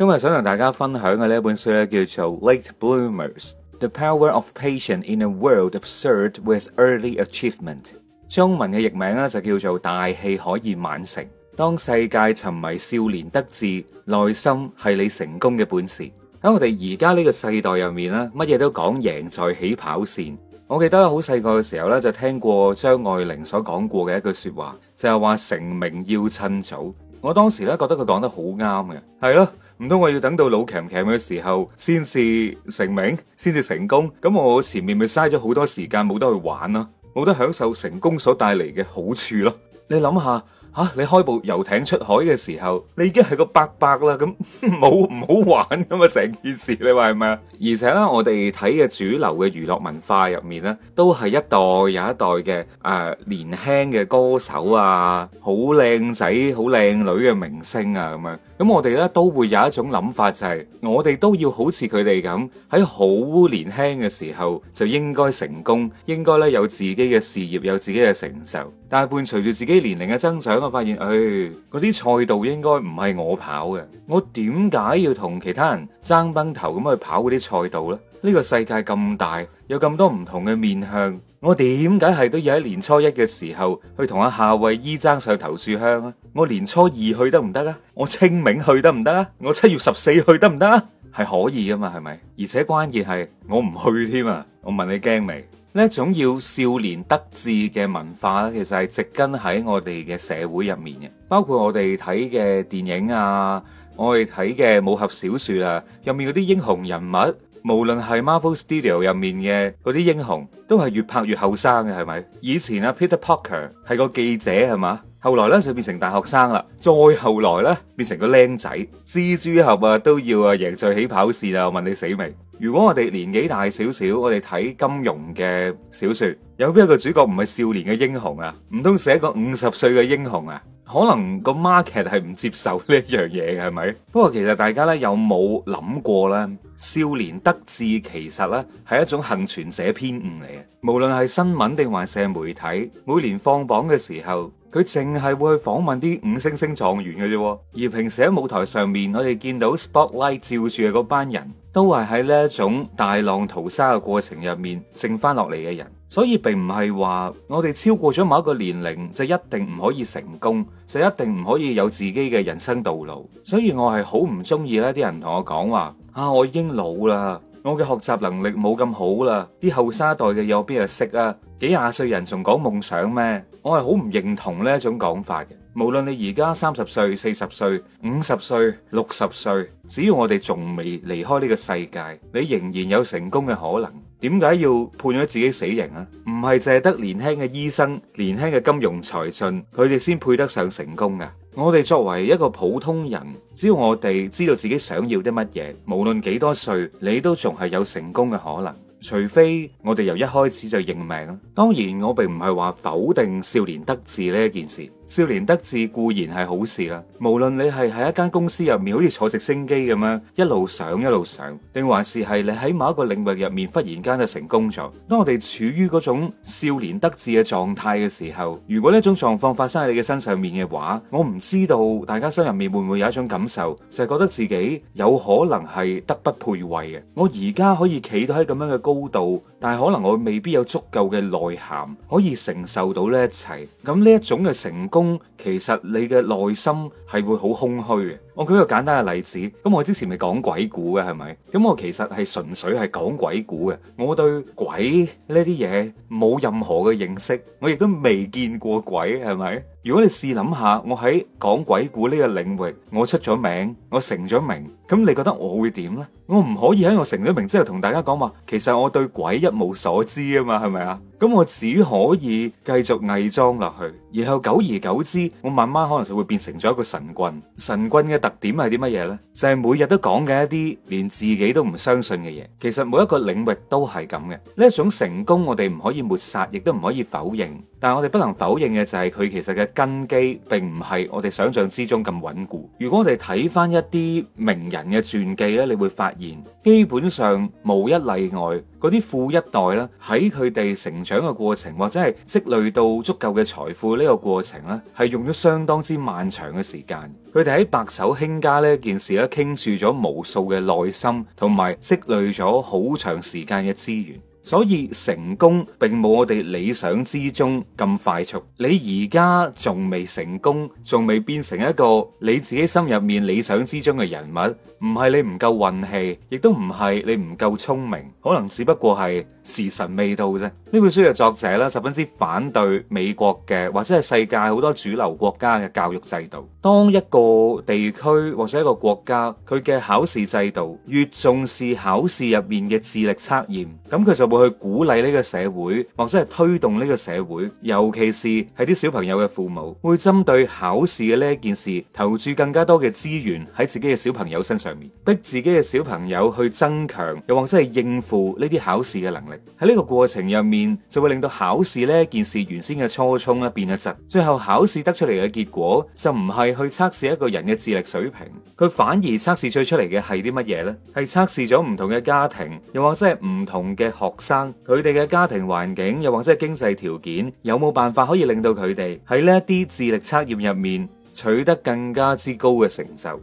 今日想同大家分享嘅呢本書咧，叫做《Late Bloomers：The Power of Patience in a World Obsessed with Early Achievement》。中文嘅譯名咧就叫做《大器可以晚成》。當世界沉迷少年得志，耐心係你成功嘅本事。喺我哋而家呢個世代入面咧，乜嘢都講贏在起跑線。我記得好細個嘅時候咧，就聽過張愛玲所講過嘅一句說話，就係、是、話成名要趁早。我當時咧覺得佢講得好啱嘅，係咯。唔通，我要等到老強強嘅時候，先至成名，先至成功？咁我前面咪嘥咗好多時間，冇得去玩咯，冇得享受成功所帶嚟嘅好處咯。你諗下，吓、啊、你開部遊艇出海嘅時候，你已經係個伯伯啦，咁冇唔好玩噶嘛？成件事你話係咪啊？而且咧，我哋睇嘅主流嘅娛樂文化入面咧，都係一代又一代嘅，誒、呃、年輕嘅歌手啊，好靚仔、好靚女嘅明星啊咁樣。咁我哋呢都會有一種諗法，就係我哋都要好似佢哋咁，喺好年輕嘅時候就應該成功，應該呢有自己嘅事業，有自己嘅成就。但係伴隨住自己年齡嘅增長，我發現，唉，嗰啲賽道應該唔係我跑嘅，我點解要同其他人爭崩頭咁去跑嗰啲賽道呢？呢個世界咁大，有咁多唔同嘅面向。我點解係都要喺年初一嘅時候去同阿夏慧依爭上頭炷香啊？我年初二去得唔得啊？我清明去得唔得啊？我七月十四去得唔得啊？係可以噶嘛？係咪？而且關鍵係我唔去添啊！我問你驚未？呢一種要少年得志嘅文化，其實係植根喺我哋嘅社會入面嘅，包括我哋睇嘅電影啊，我哋睇嘅武俠小說啊，入面嗰啲英雄人物。無論係 Marvel Studio 入面嘅嗰啲英雄，都係越拍越後生嘅，係咪？以前啊，Peter Parker 係個記者係嘛，後來咧就變成大學生啦，再後來咧變成個靚仔，蜘蛛俠啊都要啊贏在起跑線啊！我問你死未？如果我哋年紀大少少，我哋睇金庸嘅小說，有邊一個主角唔係少年嘅英雄啊？唔通寫一個五十歲嘅英雄啊？可能個 market 係唔接受呢一樣嘢嘅，係咪？不過其實大家呢有冇諗過呢？少年得志其實呢係一種幸存者偏誤嚟嘅。無論係新聞定還是媒體，每年放榜嘅時候，佢淨係會去訪問啲五星星狀元嘅啫。而平時喺舞台上面，我哋見到 spotlight 照住嘅嗰班人都係喺呢一種大浪淘沙嘅過程入面剩翻落嚟嘅人。所以並唔係話我哋超過咗某一個年齡就一定唔可以成功，就一定唔可以有自己嘅人生道路。所以我係好唔中意呢啲人同我講話啊，我已經老啦，我嘅學習能力冇咁好啦，啲後生代嘅有邊度識啊？幾廿歲人仲講夢想咩？我係好唔認同呢一種講法嘅。無論你而家三十歲、四十歲、五十歲、六十歲，只要我哋仲未離開呢個世界，你仍然有成功嘅可能。點解要判咗自己死刑啊？唔係淨係得年輕嘅醫生、年輕嘅金融才俊，佢哋先配得上成功噶。我哋作為一個普通人，只要我哋知道自己想要啲乜嘢，無論幾多歲，你都仲係有成功嘅可能，除非我哋由一開始就認命啦。當然，我並唔係話否定少年得志呢一件事。少年得志固然係好事啦，無論你係喺一間公司入面，好似坐直升機咁樣一路上一路上，定還是係你喺某一個領域入面忽然間就成功咗。當我哋處於嗰種少年得志嘅狀態嘅時候，如果呢種狀況發生喺你嘅身上面嘅話，我唔知道大家心入面會唔會有一種感受，就係覺得自己有可能係德不配位嘅。我而家可以企到喺咁樣嘅高度，但係可能我未必有足夠嘅內涵可以承受到呢一切，咁呢一種嘅成功。其實你嘅內心係會好空虛嘅。我舉個簡單嘅例子，咁我之前咪講鬼故嘅係咪？咁我其實係純粹係講鬼故嘅，我對鬼呢啲嘢冇任何嘅認識，我亦都未見過鬼係咪？如果你試諗下，我喺講鬼故呢個領域，我出咗名，我成咗名，咁你覺得我會點呢？我唔可以喺我成咗名之後同大家講話，其實我對鬼一無所知啊嘛，係咪啊？咁我只可以繼續偽裝落去，然後久而久之，我慢慢可能就會變成咗一個神棍，神棍嘅特點係啲乜嘢呢？就係每日都講嘅一啲連自己都唔相信嘅嘢。其實每一個領域都係咁嘅。呢一種成功，我哋唔可以抹殺，亦都唔可以否認。但係我哋不能否認嘅就係佢其實嘅根基，並唔係我哋想象之中咁穩固。如果我哋睇翻一啲名人嘅傳記呢，你會發現基本上無一例外，嗰啲富一代咧喺佢哋成長嘅過程，或者係積累到足夠嘅財富呢個過程呢，係用咗相當之漫長嘅時間。佢哋喺白手興家呢件事咧，傾注咗無數嘅耐心，同埋積累咗好長時間嘅資源。所以成功並冇我哋理想之中咁快速。你而家仲未成功，仲未變成一個你自己心入面理想之中嘅人物，唔係你唔夠運氣，亦都唔係你唔夠聰明，可能只不過係時辰未到啫。呢本書嘅作者咧，十分之反對美國嘅或者係世界好多主流國家嘅教育制度。當一個地區或者一個國家，佢嘅考試制度越重視考試入面嘅智力測驗，咁佢就。會去鼓勵呢個社會，或者係推動呢個社會，尤其是係啲小朋友嘅父母，會針對考試嘅呢一件事，投注更加多嘅資源喺自己嘅小朋友身上面，逼自己嘅小朋友去增強，又或者係應付呢啲考試嘅能力。喺呢個過程入面，就會令到考試呢件事原先嘅初衷咧變咗質，最後考試得出嚟嘅結果就唔係去測試一個人嘅智力水平，佢反而測試最出嚟嘅係啲乜嘢呢？係測試咗唔同嘅家庭，又或者係唔同嘅學生佢哋嘅家庭環境，又或者係經濟條件，有冇辦法可以令到佢哋喺呢一啲智力測驗入面，取得更加之高嘅成就，而呢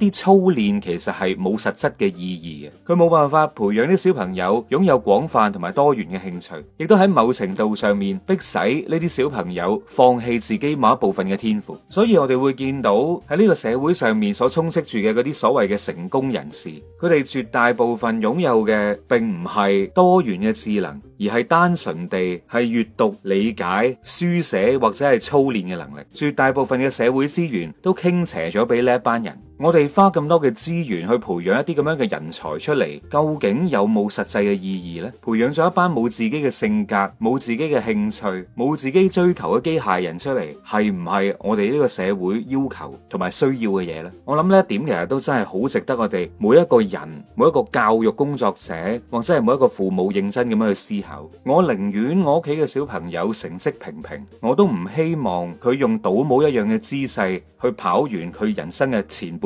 一啲操練其實係冇實質嘅意義嘅，佢冇辦法培養啲小朋友擁有廣泛同埋多元嘅興趣，亦都喺某程度上面逼使呢啲小朋友放棄自己某一部分嘅天賦。所以我哋會見到喺呢個社會上面所充斥住嘅嗰啲所謂嘅成功人士，佢哋絕大部分擁有嘅並唔係多元嘅智能，而係單純地係閱讀、理解、書寫或者係操練嘅能力。絕大部分嘅社會。資源都傾斜咗俾呢一班人。我哋花咁多嘅資源去培養一啲咁樣嘅人才出嚟，究竟有冇實際嘅意義呢？培養咗一班冇自己嘅性格、冇自己嘅興趣、冇自己追求嘅機械人出嚟，係唔係我哋呢個社會要求同埋需要嘅嘢呢？我諗呢一點其實都真係好值得我哋每一個人、每一個教育工作者，或者係每一個父母認真咁樣去思考。我寧願我屋企嘅小朋友成績平平，我都唔希望佢用倒模一樣嘅姿勢去跑完佢人生嘅前半。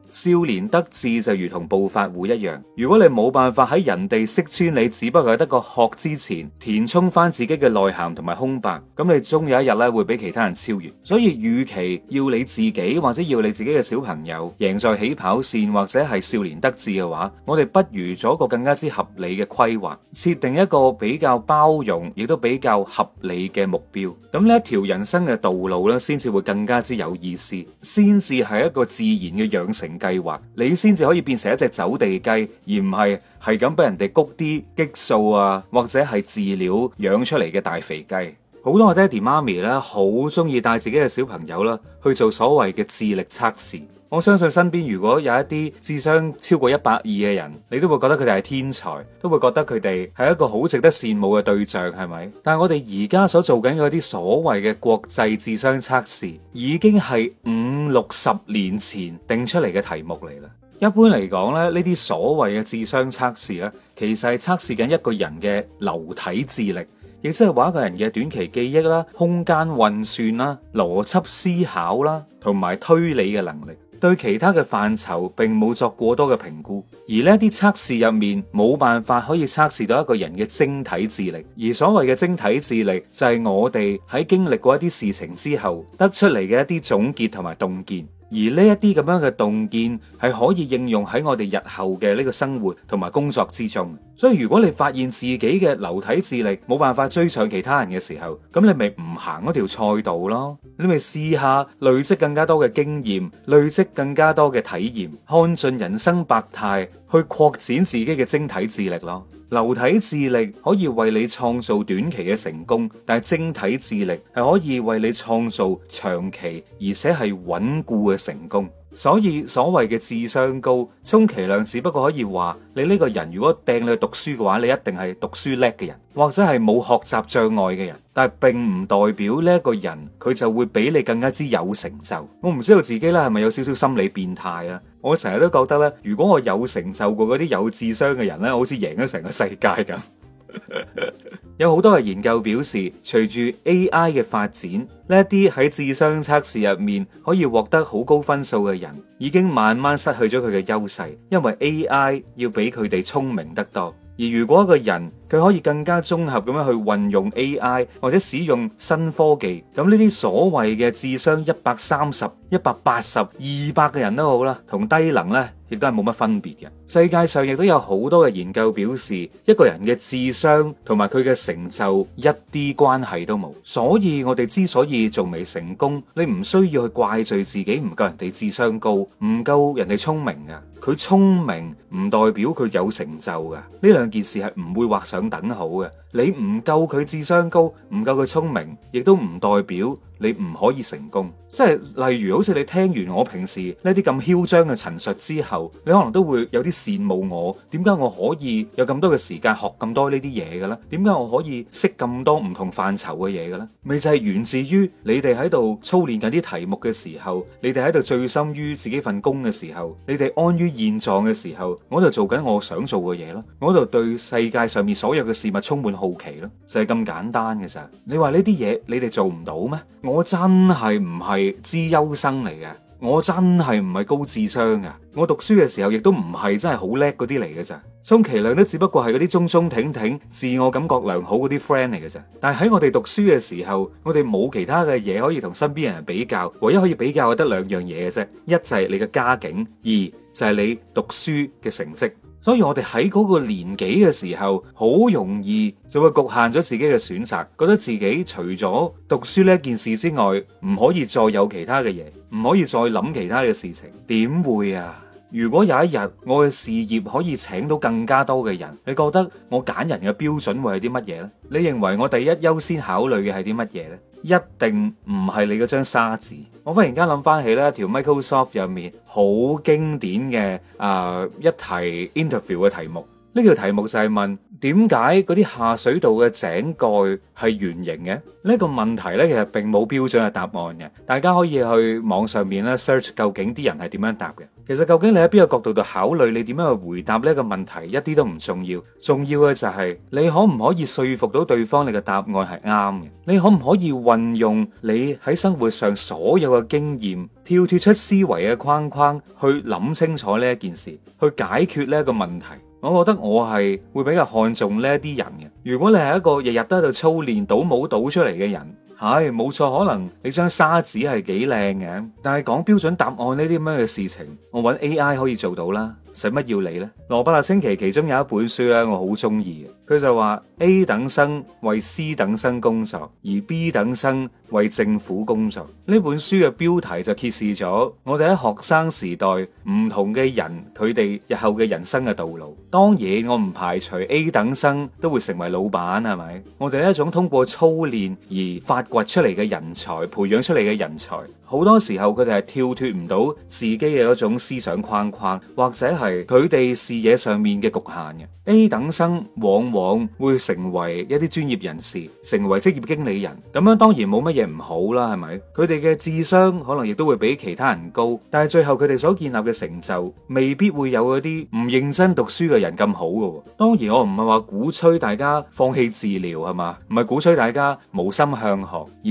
少年得志就如同暴發戶一樣，如果你冇辦法喺人哋識穿你，只不過係得個殼之前填充翻自己嘅內涵同埋空白，咁你終有一日咧會俾其他人超越。所以與其要你自己或者要你自己嘅小朋友贏在起跑線，或者係少年得志嘅話，我哋不如做一個更加之合理嘅規劃，設定一個比較包容亦都比較合理嘅目標。咁呢一條人生嘅道路咧，先至會更加之有意思，先至係一個自然嘅養成。計劃，你先至可以變成一隻走地雞，而唔係係咁俾人哋谷啲激素啊，或者係飼料養出嚟嘅大肥雞。好多我爹地媽咪咧，好中意帶自己嘅小朋友啦，去做所謂嘅智力測試。我相信身邊如果有一啲智商超過一百二嘅人，你都會覺得佢哋係天才，都會覺得佢哋係一個好值得羨慕嘅對象，係咪？但係我哋而家所做緊嗰啲所謂嘅國際智商測試，已經係五六十年前定出嚟嘅題目嚟啦。一般嚟講咧，呢啲所謂嘅智商測試咧，其實係測試緊一個人嘅流體智力，亦即係話一個人嘅短期記憶啦、空間運算啦、邏輯思考啦同埋推理嘅能力。對其他嘅範疇並冇作過多嘅評估，而呢啲測試入面冇辦法可以測試到一個人嘅晶體智力，而所謂嘅晶體智力就係我哋喺經歷過一啲事情之後得出嚟嘅一啲總結同埋洞見。而呢一啲咁樣嘅洞見係可以應用喺我哋日後嘅呢個生活同埋工作之中。所以如果你發現自己嘅流體智力冇辦法追上其他人嘅時候，咁你咪唔行嗰條賽道咯，你咪試下累積更加多嘅經驗，累積更加多嘅體驗，看盡人生百態，去擴展自己嘅晶體智力咯。流體智力可以為你創造短期嘅成功，但係晶體智力係可以為你創造長期而且係穩固嘅成功。所以所謂嘅智商高，充其量只不過可以話你呢個人如果掟你去讀書嘅話，你一定係讀書叻嘅人，或者係冇學習障礙嘅人。但係並唔代表呢一個人佢就會比你更加之有成就。我唔知道自己呢係咪有少少心理變態啊？我成日都覺得呢，如果我有成就過嗰啲有智商嘅人呢，好似贏咗成個世界咁。 有好多嘅研究表示，隨住 AI 嘅發展，呢一啲喺智商測試入面可以獲得好高分數嘅人，已經慢慢失去咗佢嘅優勢，因為 AI 要比佢哋聰明得多。而如果一個人，佢可以更加綜合咁樣去運用 AI 或者使用新科技，咁呢啲所謂嘅智商一百三十、一百八十、二百嘅人都好啦，同低能呢亦都係冇乜分別嘅。世界上亦都有好多嘅研究表示，一個人嘅智商同埋佢嘅成就一啲關係都冇。所以我哋之所以仲未成功，你唔需要去怪罪自己唔夠人哋智商高，唔夠人哋聰明呀。佢聰明唔代表佢有成就㗎，呢兩件事係唔會畫上，等等好嘅，你唔夠佢智商高，唔夠佢聰明，亦都唔代表你唔可以成功。即係例如，好似你聽完我平時呢一啲咁囂張嘅陳述之後，你可能都會有啲羨慕我。點解我可以有咁多嘅時間學咁多呢啲嘢嘅咧？點解我可以識咁多唔同範疇嘅嘢嘅咧？咪就係源自於你哋喺度操練緊啲題目嘅時候，你哋喺度醉心於自己份工嘅時候，你哋安於現狀嘅時候，我就做緊我想做嘅嘢咯。我就對世界上面所所有嘅事物充滿好奇咯，就係咁簡單嘅咋。你話呢啲嘢你哋做唔到咩？我真係唔係知優生嚟嘅，我真係唔係高智商嘅。我讀書嘅時候亦都唔係真係好叻嗰啲嚟嘅咋。充其量都只不過係嗰啲中中挺挺、自我感覺良好嗰啲 friend 嚟嘅啫。但係喺我哋讀書嘅時候，我哋冇其他嘅嘢可以同身邊人比較，唯一可以比較嘅得兩樣嘢嘅啫：一就係你嘅家境，二就係你讀書嘅成績。所以我哋喺嗰個年紀嘅時候，好容易就會局限咗自己嘅選擇，覺得自己除咗讀書呢件事之外，唔可以再有其他嘅嘢，唔可以再諗其他嘅事情。點會啊？如果有一日我嘅事業可以請到更加多嘅人，你覺得我揀人嘅標準會係啲乜嘢呢？你認為我第一優先考慮嘅係啲乜嘢呢？一定唔係你嗰張沙紙。我忽然間諗翻起咧條 Microsoft 入面好經典嘅啊、呃、一題 interview 嘅題目。呢條題目就係問，點解嗰啲下水道嘅井蓋係圓形嘅。呢個問題咧，其實並冇標準嘅答案嘅。大家可以去網上面咧 search，究竟啲人係點樣答嘅？其實究竟你喺邊個角度度考慮，你點樣去回答呢個問題，一啲都唔重要。重要嘅就係你可唔可以說服到對方，你嘅答案係啱嘅？你可唔可以運用你喺生活上所有嘅經驗，跳脱出思維嘅框框，去諗清楚呢一件事，去解決呢個問題？我覺得我係會比較看重呢一啲人嘅。如果你係一個日日都喺度操練倒舞倒出嚟嘅人，係冇錯，可能你張沙紙係幾靚嘅。但係講標準答案呢啲咁樣嘅事情，我揾 AI 可以做到啦。使乜要理呢？羅伯特清崎其中有一本書咧，我好中意，佢就話 A 等生為 C 等生工作，而 B 等生為政府工作。呢本書嘅標題就揭示咗我哋喺學生時代唔同嘅人，佢哋日後嘅人生嘅道路。當然，我唔排除 A 等生都會成為老闆，係咪？我哋呢一種通過操練而發掘出嚟嘅人才，培養出嚟嘅人才。好多時候佢哋係跳脱唔到自己嘅一種思想框框，或者係佢哋視野上面嘅局限嘅。A 等生往往會成為一啲專業人士，成為職業經理人，咁樣當然冇乜嘢唔好啦，係咪？佢哋嘅智商可能亦都會比其他人高，但係最後佢哋所建立嘅成就未必會有嗰啲唔認真讀書嘅人咁好嘅。當然我唔係話鼓吹大家放棄治療，係嘛，唔係鼓吹大家無心向學，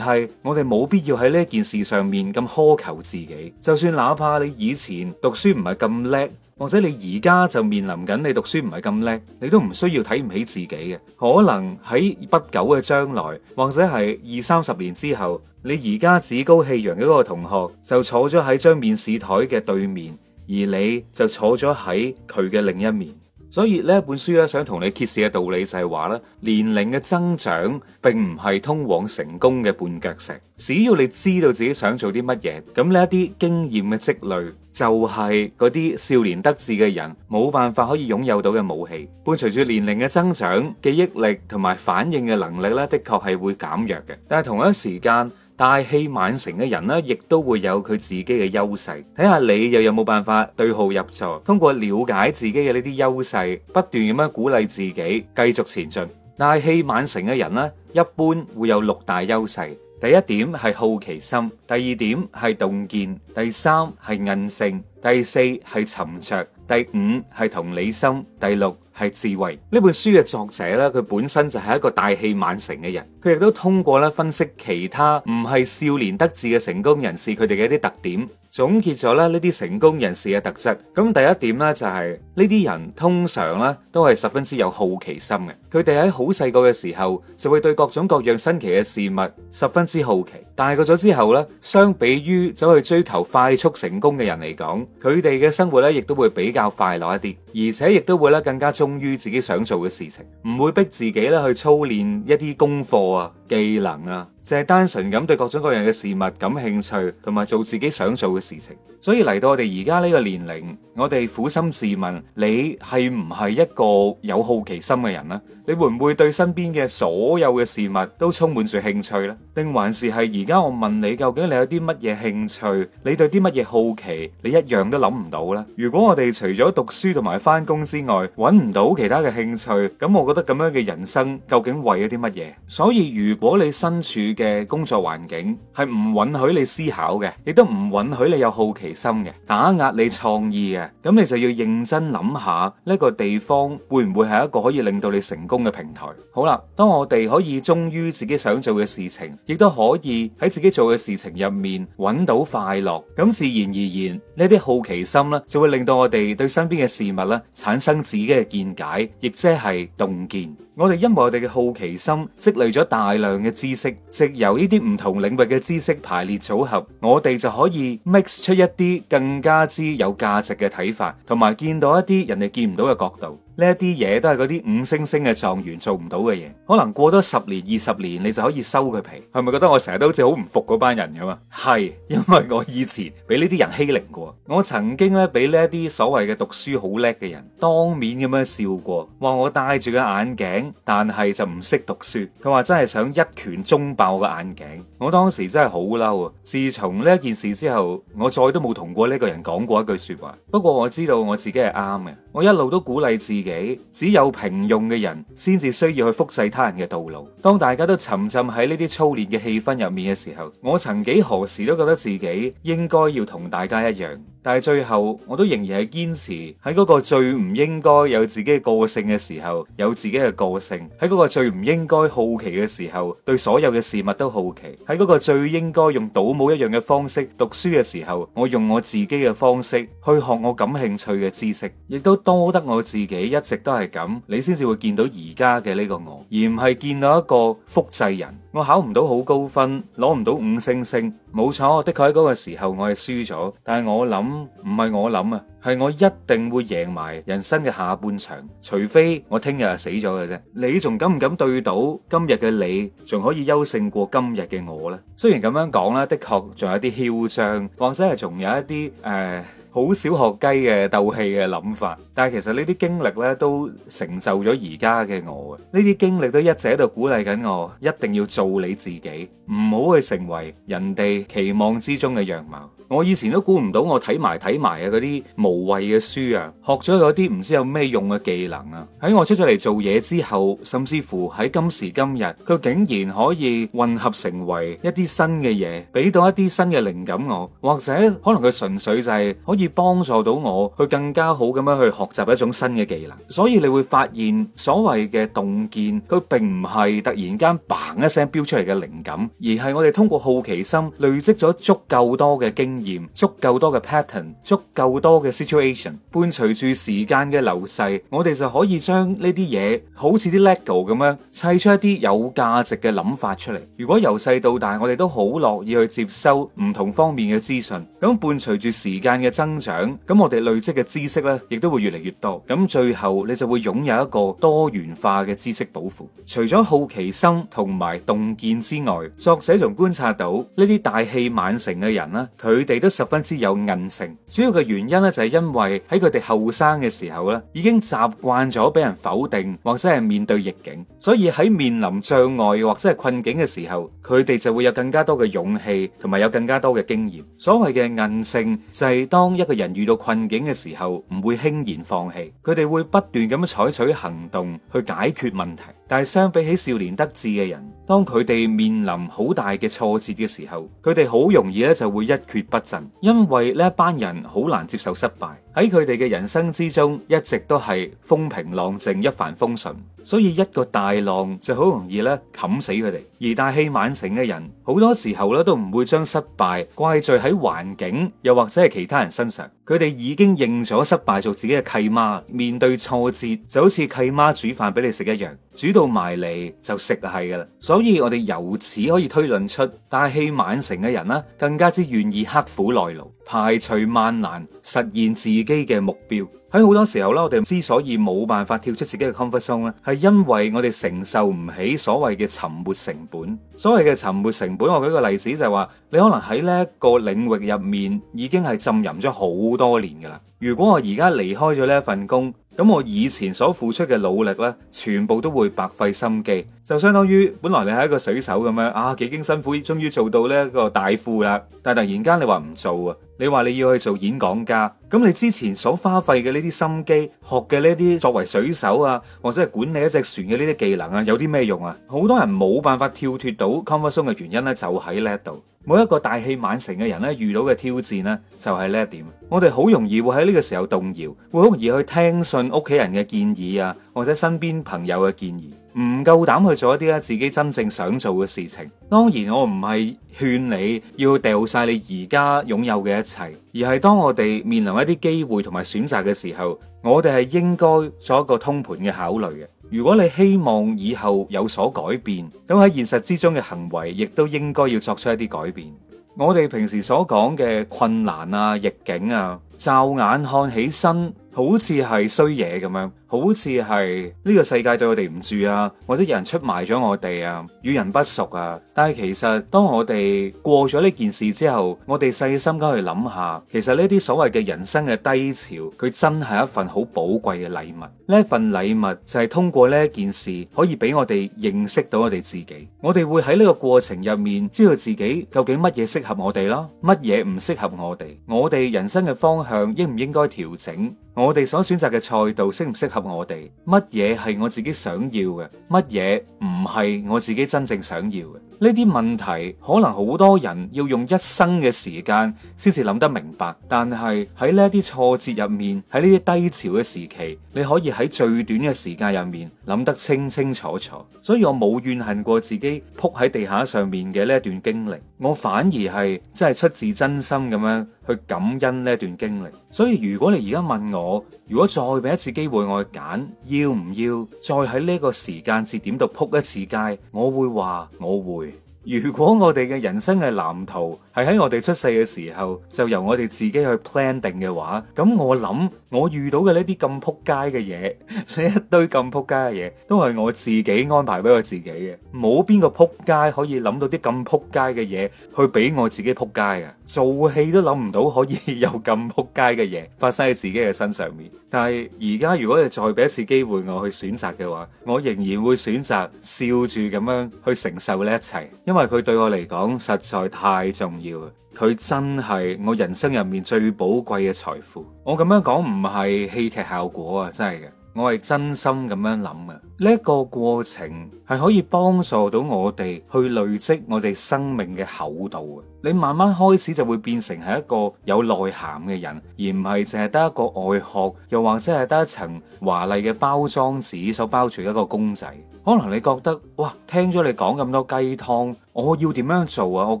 而係我哋冇必要喺呢件事上面，咁苛求自己，就算哪怕你以前讀書唔係咁叻，或者你而家就面臨緊你讀書唔係咁叻，你都唔需要睇唔起自己嘅。可能喺不久嘅將來，或者係二三十年之後，你而家趾高氣揚嘅嗰個同學，就坐咗喺張面試台嘅對面，而你就坐咗喺佢嘅另一面。所以呢一本書咧，想同你揭示嘅道理就係話咧，年齡嘅增長並唔係通往成功嘅絆腳石。只要你知道自己想做啲乜嘢，咁呢一啲經驗嘅積累就係嗰啲少年得志嘅人冇辦法可以擁有到嘅武器。伴隨住年齡嘅增長，記憶力同埋反應嘅能力咧，的確係會減弱嘅。但係同一時間，大器晚成嘅人呢亦都會有佢自己嘅優勢。睇下你又有冇辦法對號入座？通過了解自己嘅呢啲優勢，不斷咁樣鼓勵自己繼續前進。大器晚成嘅人呢一般會有六大優勢。第一點係好奇心。第二點係洞見。第三係韌性。第四係沉着。第五係同理心。第六，係智慧。呢本書嘅作者咧，佢本身就係一個大器晚成嘅人，佢亦都通過咧分析其他唔係少年得志嘅成功人士佢哋嘅一啲特點，總結咗咧呢啲成功人士嘅特質。咁第一點呢，就係，就係呢啲人通常呢都係十分之有好奇心嘅，佢哋喺好細個嘅時候就會對各種各樣新奇嘅事物十分之好奇。大個咗之後呢，相比於走去追求快速成功嘅人嚟講，佢哋嘅生活呢亦都會比較快樂一啲，而且亦都會咧更加。忠於自己想做嘅事情，唔會逼自己咧去操練一啲功課啊、技能啊。就係單純咁對各種各樣嘅事物感興趣，同埋做自己想做嘅事情。所以嚟到我哋而家呢個年齡，我哋苦心自問，你係唔係一個有好奇心嘅人呢？你會唔會對身邊嘅所有嘅事物都充滿住興趣呢？定還是係而家我問你，究竟你有啲乜嘢興趣？你對啲乜嘢好奇？你一樣都諗唔到呢？如果我哋除咗讀書同埋翻工之外，揾唔到其他嘅興趣，咁我覺得咁樣嘅人生究竟為咗啲乜嘢？所以如果你身處，嘅工作環境係唔允許你思考嘅，亦都唔允許你有好奇心嘅，打壓你創意嘅，咁你就要認真諗下呢個地方會唔會係一個可以令到你成功嘅平台？好啦，當我哋可以忠於自己想做嘅事情，亦都可以喺自己做嘅事情入面搵到快樂，咁自然而然呢啲好奇心呢，就會令到我哋對身邊嘅事物咧產生自己嘅見解，亦即係洞見。我哋因為我哋嘅好奇心積累咗大量嘅知識。由呢啲唔同領域嘅知識排列組合，我哋就可以 mix 出一啲更加之有價值嘅睇法，同埋見到一啲人哋見唔到嘅角度。呢一啲嘢都係嗰啲五星星嘅狀元做唔到嘅嘢，可能過多十年二十年，你就可以收佢皮。係咪覺得我成日都好似好唔服嗰班人咁啊？係，因為我以前俾呢啲人欺凌過，我曾經咧俾呢一啲所謂嘅讀書好叻嘅人當面咁樣笑過，話我戴住個眼鏡，但係就唔識讀書。佢話真係想一拳中爆我個眼鏡。我當時真係好嬲啊！自從呢件事之後，我再都冇同過呢個人講過一句説話。不過我知道我自己係啱嘅，我一路都鼓勵自己。自己只有平庸嘅人，先至需要去複製他人嘅道路。當大家都沉浸喺呢啲操練嘅氣氛入面嘅時候，我曾幾何時都覺得自己應該要同大家一樣。但係最後，我都仍然係堅持喺嗰個最唔應該有自己嘅個性嘅時候，有自己嘅個性；喺嗰個最唔應該好奇嘅時候，對所有嘅事物都好奇；喺嗰個最應該用倒模一樣嘅方式讀書嘅時候，我用我自己嘅方式去學我感興趣嘅知識，亦都多得我自己一直都係咁，你先至會見到而家嘅呢個我，而唔係見到一個複製人。我考唔到好高分，攞唔到五星星，冇錯，我的確喺嗰個時候我係輸咗，但係我諗。唔係、嗯、我諗啊，係我一定會贏埋人生嘅下半場，除非我聽日啊死咗嘅啫。你仲敢唔敢對賭今日嘅你，仲可以優勝過今日嘅我呢？雖然咁樣講啦，的確仲有啲囂張，或者係仲有一啲誒，好、呃、小學雞嘅鬥氣嘅諗法。但係其實呢啲經歷呢，都成就咗而家嘅我。呢啲經歷都一直喺度鼓勵緊我，一定要做你自己，唔好去成為人哋期望之中嘅樣貌。我以前都估唔到，我睇埋睇埋啊嗰啲無謂嘅書啊，學咗嗰啲唔知有咩用嘅技能啊，喺我出咗嚟做嘢之後，甚至乎喺今時今日，佢竟然可以混合成為一啲新嘅嘢，俾到一啲新嘅靈感我，或者可能佢純粹就係可以幫助到我去更加好咁樣去學習一種新嘅技能。所以你會發現，所謂嘅洞見，佢並唔係突然間嘭一聲飆出嚟嘅靈感，而係我哋通過好奇心累積咗足夠多嘅經驗。足夠多嘅 pattern，足夠多嘅 situation，伴隨住時間嘅流逝，我哋就可以將呢啲嘢好似啲 Lego 咁樣砌出一啲有價值嘅諗法出嚟。如果由細到大，我哋都好樂意去接收唔同方面嘅資訊，咁伴隨住時間嘅增長，咁我哋累積嘅知識咧，亦都會越嚟越多。咁最後，你就會擁有一個多元化嘅知識寶庫。除咗好奇心同埋洞見之外，作者仲觀察到呢啲大器晚成嘅人咧，佢哋，亦都十分之有韌性，主要嘅原因咧就係因為喺佢哋後生嘅時候咧，已經習慣咗俾人否定或者係面對逆境，所以喺面臨障礙或者係困境嘅時候，佢哋就會有更加多嘅勇氣同埋有更加多嘅經驗。所謂嘅韌性就係當一個人遇到困境嘅時候，唔會輕言放棄，佢哋會不斷咁樣採取行動去解決問題。但係相比起少年得志嘅人，當佢哋面臨好大嘅挫折嘅時候，佢哋好容易咧就會一蹶不振，因為呢一班人好難接受失敗，喺佢哋嘅人生之中一直都係風平浪靜、一帆風順，所以一個大浪就好容易咧冚死佢哋。而大器晚成嘅人，好多時候咧都唔會將失敗怪罪喺環境，又或者係其他人身上。佢哋已經認咗失敗做自己嘅契媽，面對挫折就好似契媽煮飯俾你食一樣，煮到埋嚟就食係噶啦。所以我哋由此可以推論出，大器晚成嘅人咧，更加之願意刻苦耐勞。排除萬難，實現自己嘅目標。喺好多時候啦，我哋之所以冇辦法跳出自己嘅 comfort zone 咧，係因為我哋承受唔起所謂嘅沉沒成本。所謂嘅沉沒成本，我舉個例子就係話，你可能喺呢一個領域入面已經係浸淫咗好多年噶啦。如果我而家離開咗呢一份工，咁我以前所付出嘅努力呢，全部都會白費心機，就相當於本來你係一個水手咁樣，啊幾經辛苦，終於做到呢個大富啦，但係突然間你話唔做啊，你話你要去做演講家，咁你之前所花費嘅呢啲心機，學嘅呢啲作為水手啊，或者係管理一隻船嘅呢啲技能啊，有啲咩用啊？好多人冇辦法跳脱到 comfort zone 嘅原因呢，就喺呢度。每一個大器晚成嘅人咧，遇到嘅挑戰呢，就係呢一點。我哋好容易會喺呢個時候動搖，會好容易去聽信屋企人嘅建議啊，或者身邊朋友嘅建議。唔夠膽去做一啲咧自己真正想做嘅事情。當然，我唔係勸你要掉晒你而家擁有嘅一切，而係當我哋面臨一啲機會同埋選擇嘅時候，我哋係應該做一個通盤嘅考慮嘅。如果你希望以後有所改變，咁喺現實之中嘅行為亦都應該要作出一啲改變。我哋平時所講嘅困難啊、逆境啊，驟眼看起身好似係衰嘢咁樣。好似係呢個世界對我哋唔住啊，或者有人出賣咗我哋啊，與人不熟啊。但係其實當我哋過咗呢件事之後，我哋細心咁去諗下，其實呢啲所謂嘅人生嘅低潮，佢真係一份好寶貴嘅禮物。呢一份禮物就係通過呢一件事，可以俾我哋認識到我哋自己。我哋會喺呢個過程入面，知道自己究竟乜嘢適合我哋啦，乜嘢唔適合我哋。我哋人生嘅方向應唔應該調整？我哋所選擇嘅賽道適唔適合？我哋乜嘢係我自己想要嘅？乜嘢唔係我自己真正想要嘅？呢啲問題可能好多人要用一生嘅時間先至諗得明白。但係喺呢啲挫折入面，喺呢啲低潮嘅時期，你可以喺最短嘅時間入面諗得清清楚楚。所以我冇怨恨過自己撲喺地下上面嘅呢段經歷。我反而係真係出自真心咁樣。去感恩呢段經歷，所以如果你而家問我，如果再俾一次機會我去揀，要唔要再喺呢個時間節點度撲一次街，我會話我會。如果我哋嘅人生嘅藍圖係喺我哋出世嘅時候就由我哋自己去 plan 定嘅話，咁我諗我遇到嘅呢啲咁撲街嘅嘢，呢一堆咁撲街嘅嘢，都係我自己安排俾我自己嘅，冇邊個撲街可以諗到啲咁撲街嘅嘢去俾我自己撲街嘅，做戲都諗唔到可以有咁撲街嘅嘢發生喺自己嘅身上面。但係而家如果你再俾一次機會我去選擇嘅話，我仍然會選擇笑住咁樣去承受呢一切。因為佢對我嚟講實在太重要啦，佢真係我人生入面最寶貴嘅財富。我咁樣講唔係戲劇效果啊，真係嘅，我係真心咁樣諗啊。呢一個過程係可以幫助到我哋去累積我哋生命嘅厚度。你慢慢開始就會變成係一個有內涵嘅人，而唔係淨係得一個外殼，又或者係得一層華麗嘅包裝紙，所包住一個公仔。可能你覺得，哇，聽咗你講咁多雞湯，我要點樣做啊？我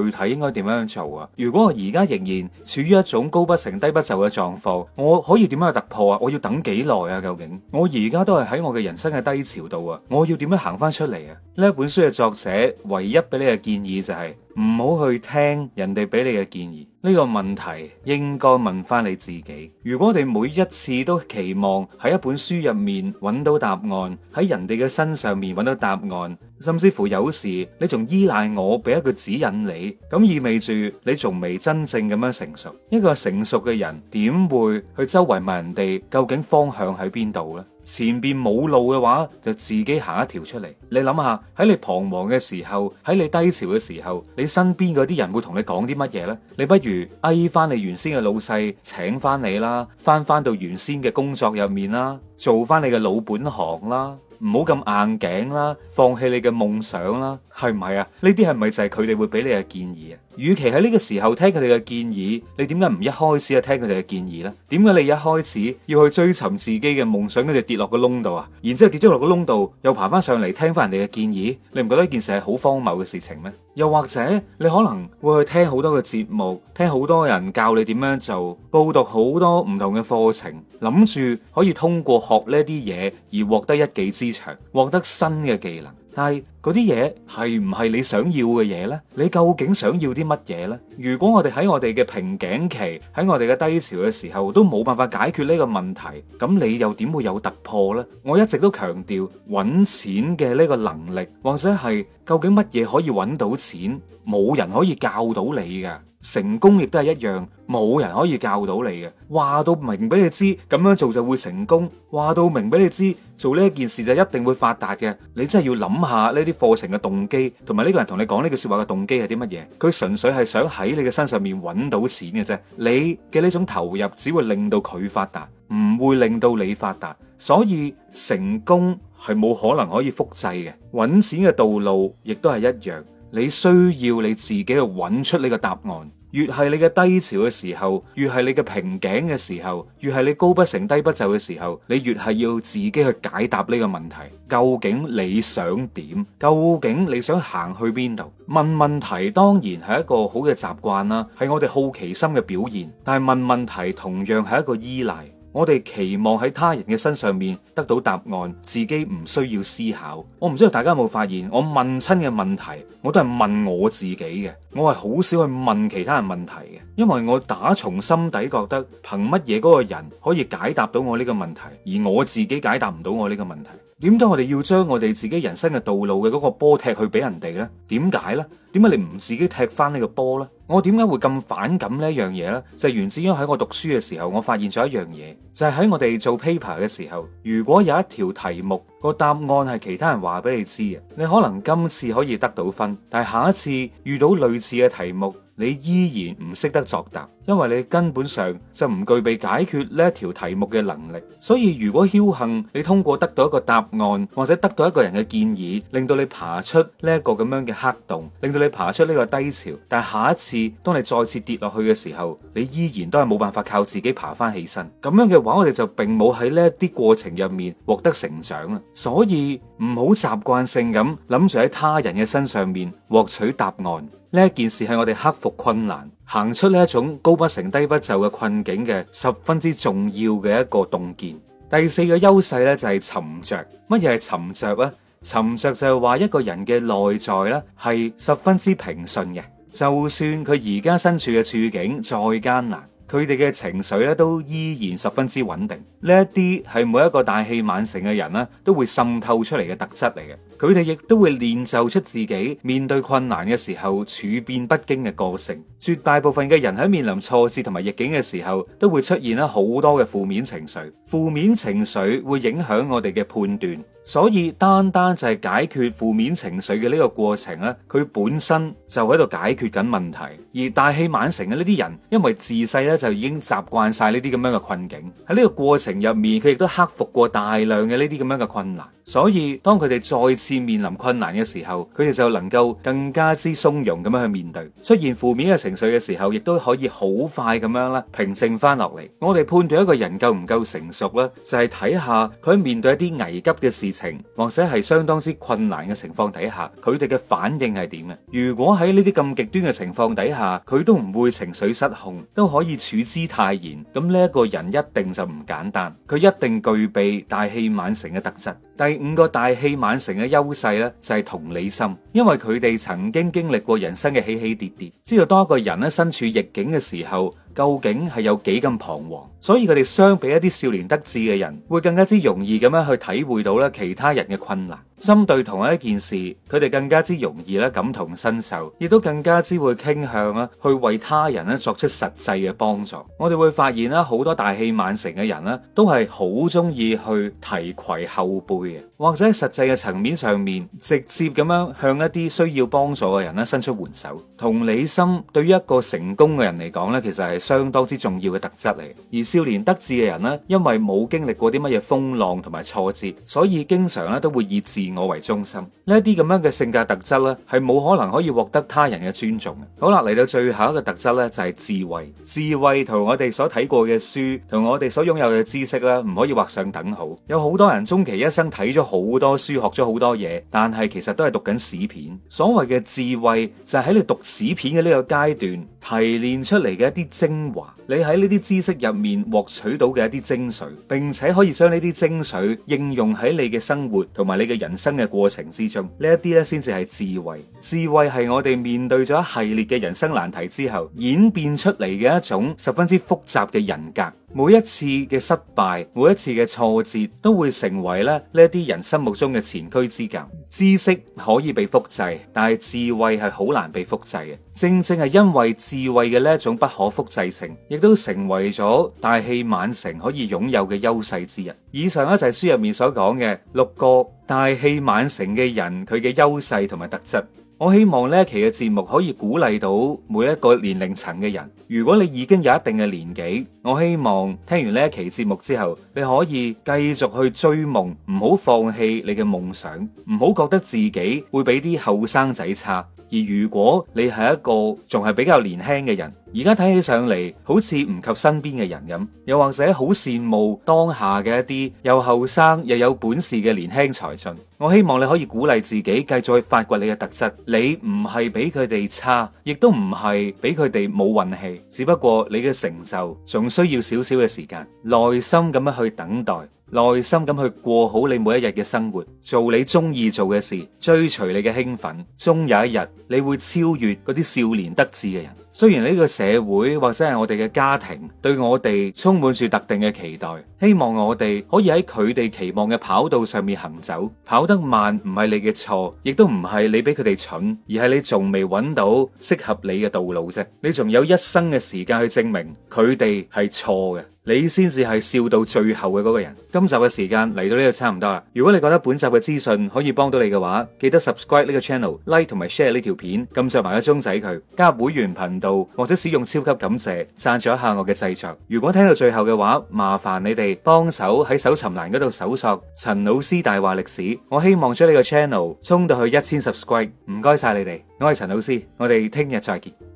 具體應該點樣做啊？如果我而家仍然處於一種高不成低不就嘅狀況，我可以點樣突破啊？我要等幾耐啊？究竟我而家都係喺我嘅人生嘅低潮度啊？我要點樣行翻出嚟啊？呢本書嘅作者唯一俾你嘅建議就係、是。唔好去聽人哋俾你嘅建議。呢個問題應該問翻你自己。如果我哋每一次都期望喺一本書入面揾到答案，喺人哋嘅身上面揾到答案，甚至乎有時你仲依賴我俾一個指引你，咁意味住你仲未真正咁樣成熟。一個成熟嘅人點會去周圍問人哋究竟方向喺邊度呢？前邊冇路嘅話，就自己行一條出嚟。你諗下喺你彷徨嘅時候，喺你低潮嘅時候，你身邊嗰啲人會同你講啲乜嘢呢？你不如。翳翻你原先嘅老細，請翻你啦，翻翻到原先嘅工作入面啦，做翻你嘅老本行啦。唔好咁硬頸啦，放棄你嘅夢想啦，係唔係啊？呢啲係咪就係佢哋會俾你嘅建議啊？與其喺呢個時候聽佢哋嘅建議，你點解唔一開始就聽佢哋嘅建議呢？點解你一開始要去追尋自己嘅夢想嗰度跌落個窿度啊？然之後跌咗落個窿度，又爬翻上嚟聽翻人哋嘅建議，你唔覺得呢件事係好荒謬嘅事情咩？又或者你可能會去聽好多嘅節目，聽好多人教你點樣做，報讀好多唔同嘅課程，諗住可以通過學呢啲嘢而獲得一技之一。獲得新嘅技能，但係嗰啲嘢係唔係你想要嘅嘢咧？你究竟想要啲乜嘢咧？如果我哋喺我哋嘅瓶頸期，喺我哋嘅低潮嘅時候，都冇辦法解決呢個問題，咁你又點會有突破咧？我一直都強調揾錢嘅呢個能力，或者係究竟乜嘢可以揾到錢，冇人可以教到你嘅。成功亦都係一樣，冇人可以教到你嘅。話到明俾你知，咁樣做就會成功；話到明俾你知，做呢一件事就一定會發達嘅。你真係要諗下呢啲課程嘅動機，同埋呢個人同你講呢句說話嘅動機係啲乜嘢？佢純粹係想喺你嘅身上面揾到錢嘅啫。你嘅呢種投入只會令到佢發達，唔會令到你發達。所以成功係冇可能可以複製嘅，揾錢嘅道路亦都係一樣。你需要你自己去揾出你嘅答案。越係你嘅低潮嘅時候，越係你嘅瓶頸嘅時候，越係你高不成低不就嘅時候，你越係要自己去解答呢個問題。究竟你想點？究竟你想行去邊度？問問題當然係一個好嘅習慣啦，係我哋好奇心嘅表現。但係問問題同樣係一個依賴。我哋期望喺他人嘅身上面得到答案，自己唔需要思考。我唔知道大家有冇發現，我問親嘅問題，我都係問我自己嘅，我係好少去問其他人問題嘅，因為我打從心底覺得，憑乜嘢嗰個人可以解答到我呢個問題，而我自己解答唔到我呢個問題？點解我哋要將我哋自己人生嘅道路嘅嗰個波踢去俾人哋咧？點解咧？點解你唔自己踢翻呢個波咧？我點解會咁反感呢樣嘢呢？就係源自於喺我讀書嘅時候，我發現咗一樣嘢，就係喺我哋做 paper 嘅時候，如果有一條題目個答案係其他人話俾你知啊，你可能今次可以得到分，但係下一次遇到類似嘅題目。你依然唔識得作答，因為你根本上就唔具備解決呢一條題目嘅能力。所以如果僥幸你通過得到一個答案，或者得到一個人嘅建議，令到你爬出呢個咁樣嘅黑洞，令到你爬出呢個低潮。但下一次當你再次跌落去嘅時候，你依然都係冇辦法靠自己爬翻起身。咁樣嘅話，我哋就並冇喺呢啲過程入面獲得成長啦！所以唔好習慣性咁諗住喺他人嘅身上面獲取答案。呢一件事係我哋克服困難、行出呢一種高不成低不就嘅困境嘅十分之重要嘅一個洞見。第四個優勢呢，就係沉着。乜嘢係沉着咧？沉着就係話一個人嘅內在呢係十分之平順嘅，就算佢而家身處嘅處境再艱難。佢哋嘅情緒咧都依然十分之穩定，呢一啲係每一個大器晚成嘅人咧都會滲透出嚟嘅特質嚟嘅。佢哋亦都會練就出自己面對困難嘅時候處變不驚嘅個性。絕大部分嘅人喺面臨挫折同埋逆境嘅時候，都會出現啦好多嘅負面情緒。負面情緒會影響我哋嘅判斷。所以單單就係解決負面情緒嘅呢個過程咧，佢本身就喺度解決緊問題。而大器晚成嘅呢啲人，因為自細咧就已經習慣晒呢啲咁樣嘅困境，喺呢個過程入面，佢亦都克服過大量嘅呢啲咁樣嘅困難。所以當佢哋再次面臨困難嘅時候，佢哋就能夠更加之從容咁樣去面對。出現負面嘅情緒嘅時候，亦都可以好快咁樣咧平靜翻落嚟。我哋判斷一個人夠唔夠成熟咧，就係睇下佢面對一啲危急嘅事情，情或者係相當之困難嘅情況底下，佢哋嘅反應係點啊？如果喺呢啲咁極端嘅情況底下，佢都唔會情緒失控，都可以處之泰然，咁呢一個人一定就唔簡單，佢一定具備大器晚成嘅特質。第五個大器晚成嘅優勢呢，就係同理心，因為佢哋曾經經歷過人生嘅起起跌跌，知道當一個人呢，身處逆境嘅時候，究竟係有幾咁彷徨，所以佢哋相比一啲少年得志嘅人，會更加之容易咁樣去體會到咧其他人嘅困難。針對同一件事，佢哋更加之容易咧感同身受，亦都更加之會傾向啦，去為他人咧作出實際嘅幫助。我哋會發現啦，好多大器晚成嘅人咧，都係好中意去提攜後輩嘅，或者實際嘅層面上面，直接咁樣向一啲需要幫助嘅人咧伸出援手。同理心對於一個成功嘅人嚟講咧，其實係相當之重要嘅特質嚟。而少年得志嘅人咧，因為冇經歷過啲乜嘢風浪同埋挫折，所以經常咧都會以自我為中心，呢一啲咁樣嘅性格特質呢係冇可能可以獲得他人嘅尊重嘅。好啦，嚟到最後一個特質呢就係智慧。智慧同我哋所睇過嘅書，同我哋所擁有嘅知識呢唔可以畫上等號。有好多人終其一生睇咗好多書，學咗好多嘢，但係其實都係讀緊史片。所謂嘅智慧就係喺你讀史片嘅呢個階段。提煉出嚟嘅一啲精華，你喺呢啲知識入面獲取到嘅一啲精髓，並且可以將呢啲精髓應用喺你嘅生活同埋你嘅人生嘅過程之中，呢一啲呢，先至係智慧。智慧係我哋面對咗一系列嘅人生難題之後，演變出嚟嘅一種十分之複雜嘅人格。每一次嘅失敗，每一次嘅挫折，都會成為咧呢啲人心目中嘅前車之鑑。知識可以被複製，但係智慧係好難被複製嘅。正正係因為智慧嘅呢一種不可複製性，亦都成為咗大器晚成可以擁有嘅優勢之一。以上就係書入面所講嘅六個大器晚成嘅人，佢嘅優勢同埋特質。我希望呢一期嘅節目可以鼓勵到每一個年齡層嘅人。如果你已經有一定嘅年紀，我希望聽完呢一期節目之後，你可以繼續去追夢，唔好放棄你嘅夢想，唔好覺得自己會比啲後生仔差。而如果你係一個仲係比較年輕嘅人，而家睇起上嚟好似唔及身邊嘅人咁，又或者好羨慕當下嘅一啲又後生又有本事嘅年輕才俊，我希望你可以鼓勵自己繼續去發掘你嘅特質。你唔係比佢哋差，亦都唔係比佢哋冇運氣，只不過你嘅成就仲需要少少嘅時間，耐心咁樣去等待。耐心咁去過好你每一日嘅生活，做你中意做嘅事，追隨你嘅興奮，終有一日你會超越嗰啲少年得志嘅人。雖然呢個社會或者係我哋嘅家庭對我哋充滿住特定嘅期待，希望我哋可以喺佢哋期望嘅跑道上面行走，跑得慢唔係你嘅錯，亦都唔係你俾佢哋蠢，而係你仲未揾到適合你嘅道路啫。你仲有一生嘅時間去證明佢哋係錯嘅，你先至係笑到最後嘅嗰個人。今集嘅時間嚟到呢度差唔多啦。如果你覺得本集嘅資訊可以幫到你嘅話，記得 subscribe 呢個 channel，like 同埋 share 呢條片，撳上埋一鐘仔佢，加入會員頻道。或者使用超級感謝贊助一下我嘅製作。如果聽到最後嘅話，麻煩你哋幫手喺搜尋欄嗰度搜索陳老師大話歷史。我希望將呢個 channel 衝到去一千 subscribe。唔該晒你哋，我係陳老師，我哋聽日再見。